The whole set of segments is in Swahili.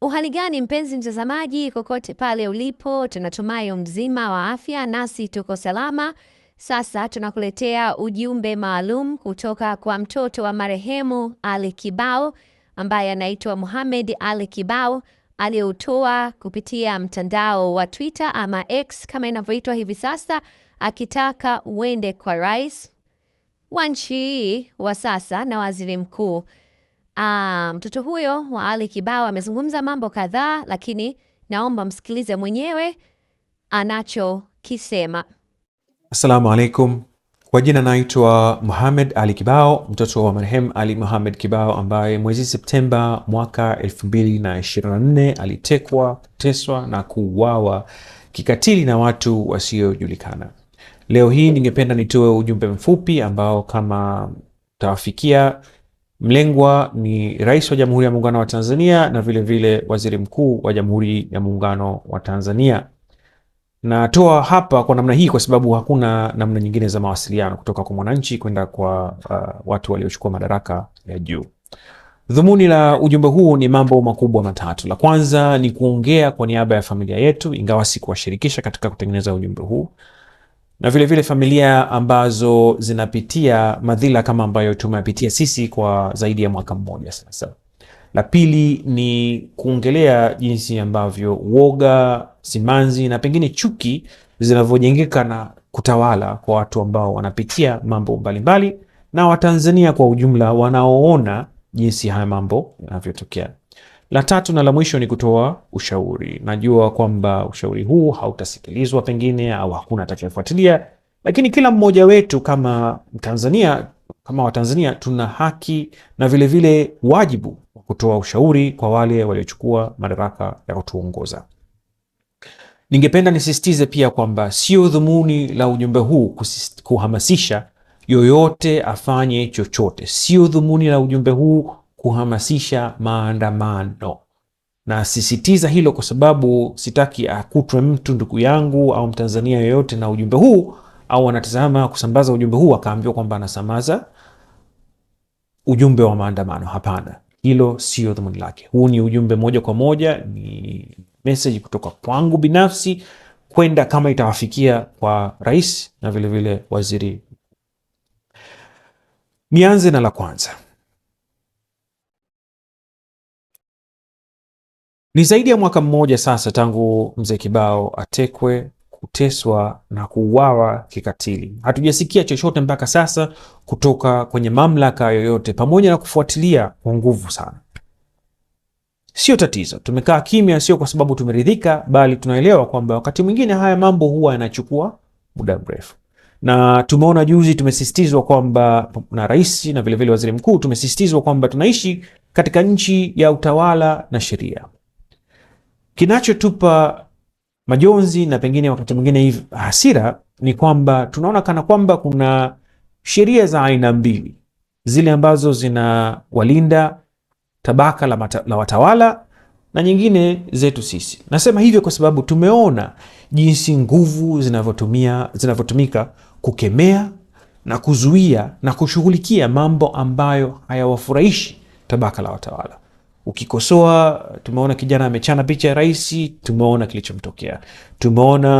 Uhali gani mpenzi mtazamaji, kokote pale ulipo, tunatumai mzima wa afya, nasi tuko salama. Sasa tunakuletea ujumbe maalum kutoka kwa mtoto wa marehemu Ali Kibao ambaye anaitwa muhamed Ali Kibao aliyeutoa kupitia mtandao wa Twitter ama X kama inavyoitwa hivi sasa, akitaka uende kwa rais wa nchi wa sasa na waziri mkuu Ah, mtoto um, huyo wa Ali Kibao amezungumza mambo kadhaa, lakini naomba msikilize mwenyewe anachokisema. Assalamu alaikum, kwa jina naitwa Muhamed Ali Kibao, mtoto wa marehemu Ali Muhamed Kibao ambaye mwezi Septemba mwaka 2024 alitekwa, teswa na kuuawa kikatili na watu wasiojulikana. Leo hii ningependa nitoe ujumbe mfupi ambao kama tawafikia Mlengwa ni Rais wa Jamhuri ya Muungano wa Tanzania na vilevile vile Waziri Mkuu wa Jamhuri ya Muungano wa Tanzania. Natoa hapa kwa namna hii kwa sababu hakuna namna nyingine za mawasiliano kutoka kwa mwananchi kwenda kwa uh, watu waliochukua madaraka ya juu. Dhumuni la ujumbe huu ni mambo makubwa matatu. La kwanza ni kuongea kwa niaba ya familia yetu, ingawa sikuwashirikisha katika kutengeneza ujumbe huu na vilevile vile familia ambazo zinapitia madhila kama ambayo tumeyapitia sisi kwa zaidi ya mwaka mmoja sasa. La pili ni kuongelea jinsi ambavyo woga, simanzi na pengine chuki zinavyojengeka na kutawala kwa watu ambao wanapitia mambo mbalimbali, na Watanzania kwa ujumla wanaoona jinsi haya mambo yanavyotokea. La tatu na la mwisho ni kutoa ushauri. Najua kwamba ushauri huu hautasikilizwa pengine au hakuna atakayefuatilia, lakini kila mmoja wetu kama Mtanzania, kama Watanzania tuna haki na vilevile vile wajibu wa kutoa ushauri kwa wale waliochukua madaraka ya kutuongoza. Ningependa nisisitize pia kwamba sio dhumuni la ujumbe huu kuhamasisha yoyote afanye chochote. Sio dhumuni la ujumbe huu kuhamasisha maandamano. Nasisitiza hilo kwa sababu sitaki akutwe mtu ndugu yangu au Mtanzania yoyote na ujumbe huu au anatazama kusambaza ujumbe huu akaambiwa kwamba anasambaza ujumbe wa maandamano. Hapana, hilo sio dhumuni lake. Huu ni ujumbe moja kwa moja, ni meseji kutoka kwangu binafsi kwenda, kama itawafikia kwa rais na vilevile vile waziri Nianze na la kwanza. Ni zaidi ya mwaka mmoja sasa tangu mzee Kibao atekwe, kuteswa na kuuawa kikatili. Hatujasikia chochote mpaka sasa kutoka kwenye mamlaka yoyote, pamoja na kufuatilia kwa nguvu sana. Sio tatizo, tumekaa kimya, sio kwa sababu tumeridhika, bali tunaelewa kwamba wakati mwingine haya mambo huwa yanachukua muda mrefu na tumeona juzi tumesisitizwa kwamba na rais na vilevile waziri mkuu, tumesisitizwa kwamba tunaishi katika nchi ya utawala na sheria. Kinachotupa majonzi na pengine wakati mwingine hasira ni kwamba tunaona kana kwamba kuna sheria za aina mbili, zile ambazo zinawalinda tabaka la, mata, la watawala na nyingine zetu sisi. Nasema hivyo kwa sababu tumeona jinsi nguvu zinavyotumia zinavyotumika kukemea na kuzuia na kushughulikia mambo ambayo hayawafurahishi tabaka la watawala. Ukikosoa, tumeona kijana amechana picha ya rais, tumeona kilichomtokea. Tumeona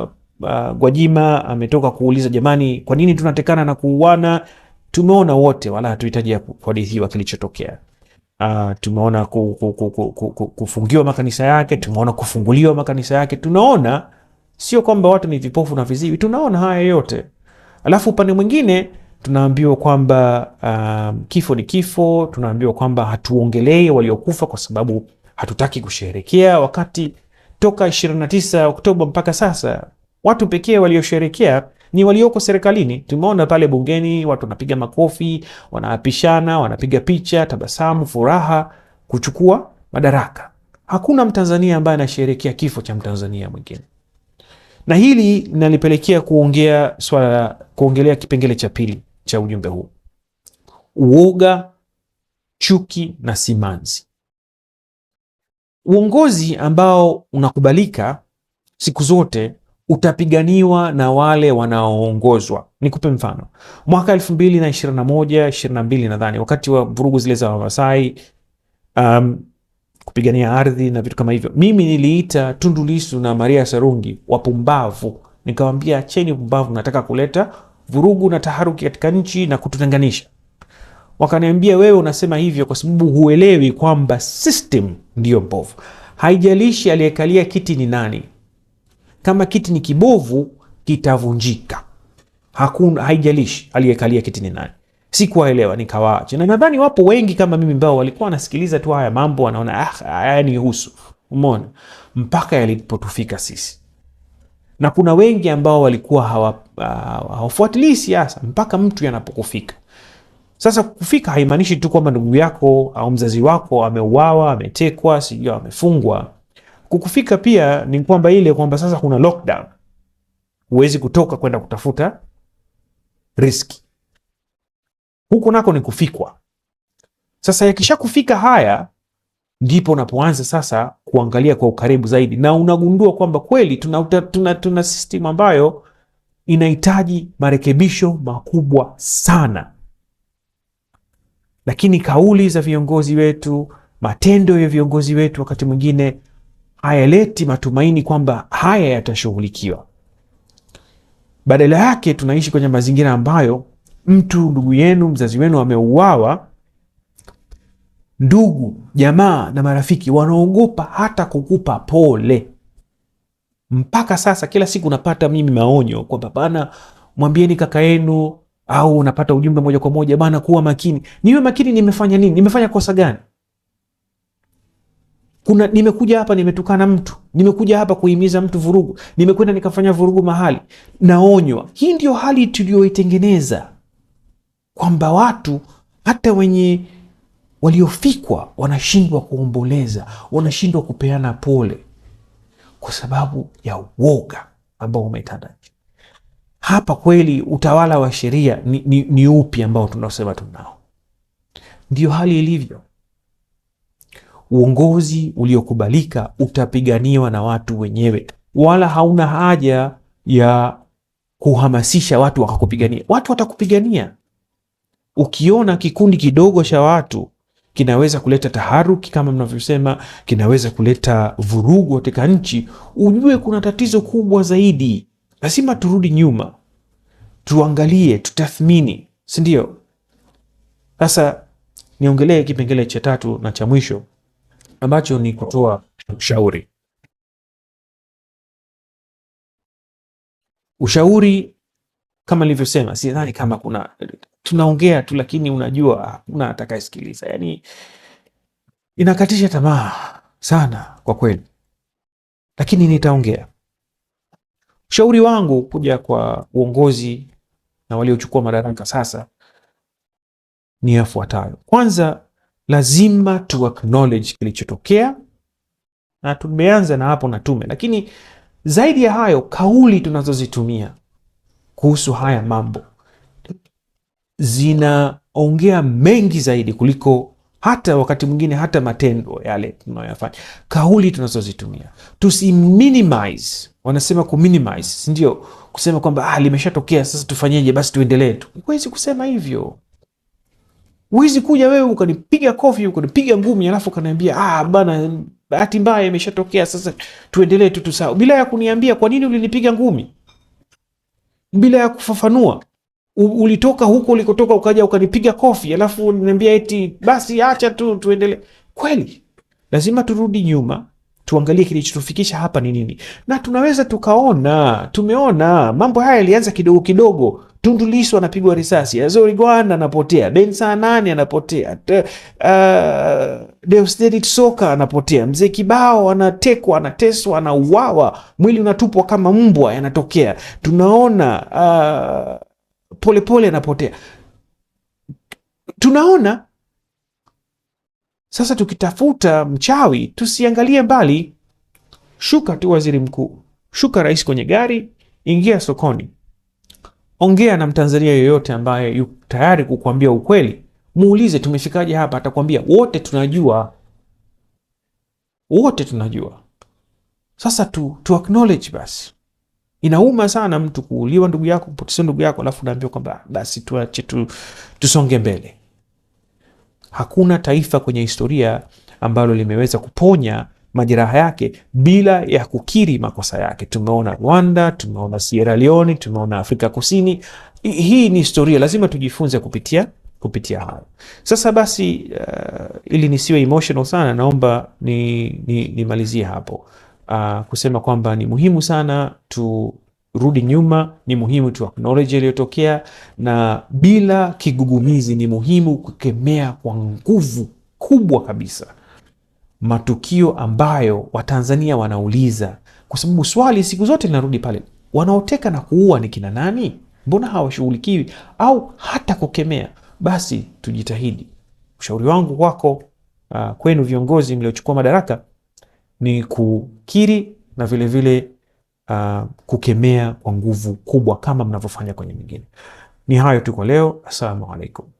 uh, uh, Gwajima ametoka kuuliza jamani, kwa nini tunatekana na kuuana? Tumeona wote, wala hatuhitaji kuhadithiwa kilichotokea. Uh, tumeona ku, ku, ku, ku, ku, kufungiwa makanisa yake, tumeona kufunguliwa makanisa yake, tunaona Sio kwamba watu ni vipofu na viziwi, tunaona haya yote. Alafu upande mwingine tunaambiwa kwamba um, kifo ni kifo. Tunaambiwa kwamba hatuongelee waliokufa kwa sababu hatutaki kusherekea, wakati toka 29 Oktoba mpaka sasa watu pekee waliosherekea ni walioko serikalini. Tumeona pale bungeni watu wanapiga makofi, wanaapishana, wanapiga picha, tabasamu, furaha, kuchukua madaraka. Hakuna Mtanzania ambaye anasherekea kifo cha Mtanzania mwingine na hili linanipelekea kuongea swala kuongelea kipengele cha pili cha ujumbe huu: uoga, chuki na simanzi. Uongozi ambao unakubalika siku zote utapiganiwa na wale wanaoongozwa. Nikupe mfano, mwaka elfu mbili na ishirini na moja ishirini na mbili nadhani, wakati wa vurugu zile za Wamasai um, kupigania ardhi na vitu kama hivyo. Mimi niliita Tundu Lissu na Maria Sarungi wapumbavu, nikawambia acheni pumbavu, nataka kuleta vurugu na taharuki katika nchi na kututenganisha. Wakaniambia wewe unasema hivyo kwa sababu huelewi kwamba system ndiyo mbovu. Haijalishi aliyekalia kiti ni nani, kama kiti ni kibovu kitavunjika. Hakuna, haijalishi aliyekalia kiti ni nani sikuwaelewa nikawaacha, na nadhani wapo wengi kama mimi ambao walikuwa wanasikiliza tu haya mambo wanaona ah, ni husu umona mpaka yalipotufika sisi na kuna wengi ambao walikuwa ah, hawafuatilii hawa, siasa mpaka mtu yanapokufika. Sasa kufika haimaanishi tu kwamba ndugu yako au mzazi wako ameuawa, ametekwa, sijui amefungwa. Kukufika pia ni kwamba ile kwamba sasa kuna lockdown, huwezi kutoka kwenda kutafuta riski huku nako ni kufikwa. Sasa yakishakufika haya, ndipo unapoanza sasa kuangalia kwa ukaribu zaidi, na unagundua kwamba kweli tuna, tuna, tuna system ambayo inahitaji marekebisho makubwa sana, lakini kauli za viongozi wetu, matendo ya viongozi wetu wakati mwingine hayaleti matumaini kwamba haya yatashughulikiwa. Badala yake tunaishi kwenye mazingira ambayo mtu ndugu yenu mzazi wenu ameuawa, ndugu jamaa na marafiki wanaogopa hata kukupa pole. Mpaka sasa kila siku napata mimi maonyo kwamba bana, mwambieni kaka yenu, au unapata ujumbe moja kwa moja, bana, kuwa makini. Niwe makini, nimefanya nini? Nimefanya kosa gani? Kuna nimekuja hapa nimetukana mtu, nimekuja hapa kuhimiza mtu vurugu, nimekwenda nikafanya vurugu mahali, naonywa. Hii ndio hali tuliyoitengeneza kwamba watu hata wenye waliofikwa wanashindwa kuomboleza, wanashindwa kupeana pole kwa sababu ya uoga ambao umetanda nchi. Hapa kweli utawala wa sheria ni, ni, ni upi ambao tunasema tunao? ndio hali ilivyo. Uongozi uliokubalika utapiganiwa na watu wenyewe, wala hauna haja ya kuhamasisha watu wakakupigania. Watu watakupigania ukiona kikundi kidogo cha watu kinaweza kuleta taharuki kama mnavyosema, kinaweza kuleta vurugu katika nchi, ujue kuna tatizo kubwa zaidi. Lazima turudi nyuma, tuangalie, tutathmini, si ndio? Sasa niongelee kipengele cha tatu na cha mwisho ambacho ni kutoa ushauri. Ushauri kama nilivyosema, sidhani kama kuna tunaongea tu, lakini unajua hakuna atakayesikiliza. Yani inakatisha tamaa sana kwa kweli, lakini nitaongea. Ushauri wangu kuja kwa uongozi na waliochukua madaraka sasa ni yafuatayo. Kwanza, lazima tu acknowledge kilichotokea, na tumeanza na hapo na tume, lakini zaidi ya hayo, kauli tunazozitumia kuhusu haya mambo zinaongea mengi zaidi kuliko hata wakati mwingine hata matendo yale tunayoyafanya, kauli tunazozitumia. Tusiminimize, wanasema kuminimize, sindio? Kusema kwamba ah, limeshatokea sasa, tufanyeje? Basi tuendelee tu. Huwezi kusema hivyo. Huwezi kuja wewe ukanipiga kofi ukanipiga ngumi, alafu ukaniambia ah, bana, bahati mbaya imeshatokea sasa, tuendelee tu tusahau, bila ya kuniambia kwa nini ulinipiga ngumi, bila ya kufafanua ulitoka huko ulikotoka ukaja ukanipiga kofi, alafu niambia eti basi acha tu tuendelee. Kweli lazima turudi nyuma tuangalie kilichotufikisha hapa ni nini, na tunaweza tukaona. Tumeona mambo haya yalianza kidogo kidogo. Tundu anapigwa risasi, Azory anapotea, Bensa Anani anapotea, uh, Deusdedit Soka anapotea, mzee Kibao anatekwa, anateswa, anauawa, mwili unatupwa kama mbwa, yanatokea. Tunaona uh, polepole anapotea pole. Tunaona sasa, tukitafuta mchawi tusiangalie mbali, shuka tu waziri mkuu, shuka rais kwenye gari, ingia sokoni, ongea na Mtanzania yoyote ambaye yu tayari kukuambia ukweli, muulize tumefikaje hapa, atakwambia wote tunajua, wote tunajua. Sasa tu, tu acknowledge basi Inauma sana mtu kuuliwa ndugu yako, kupotesa ndugu yako, alafu unaambiwa kwamba basi tuache tu, tusonge mbele. Hakuna taifa kwenye historia ambalo limeweza kuponya majeraha yake bila ya kukiri makosa yake. Tumeona Rwanda, tumeona Sierra Leone, tumeona Afrika Kusini. Hii ni historia, lazima tujifunze kupitia kupitia hayo. Sasa basi, uh, ili nisiwe emotional sana, naomba nimalizie ni, ni hapo uh, kusema kwamba ni muhimu sana turudi nyuma, ni muhimu tu acknowledge iliyotokea, na bila kigugumizi, ni muhimu kukemea kwa nguvu kubwa kabisa matukio ambayo Watanzania wanauliza, kwa sababu swali siku zote linarudi pale, wanaoteka na kuua ni kina nani? Mbona hawashughulikiwi au hata kukemea? Basi tujitahidi. Ushauri wangu wako, uh, ah, kwenu viongozi mliochukua madaraka ni kukiri na vilevile vile, uh, kukemea kwa nguvu kubwa kama mnavyofanya kwenye mingine. Ni hayo tu kwa leo. Assalamu alaikum.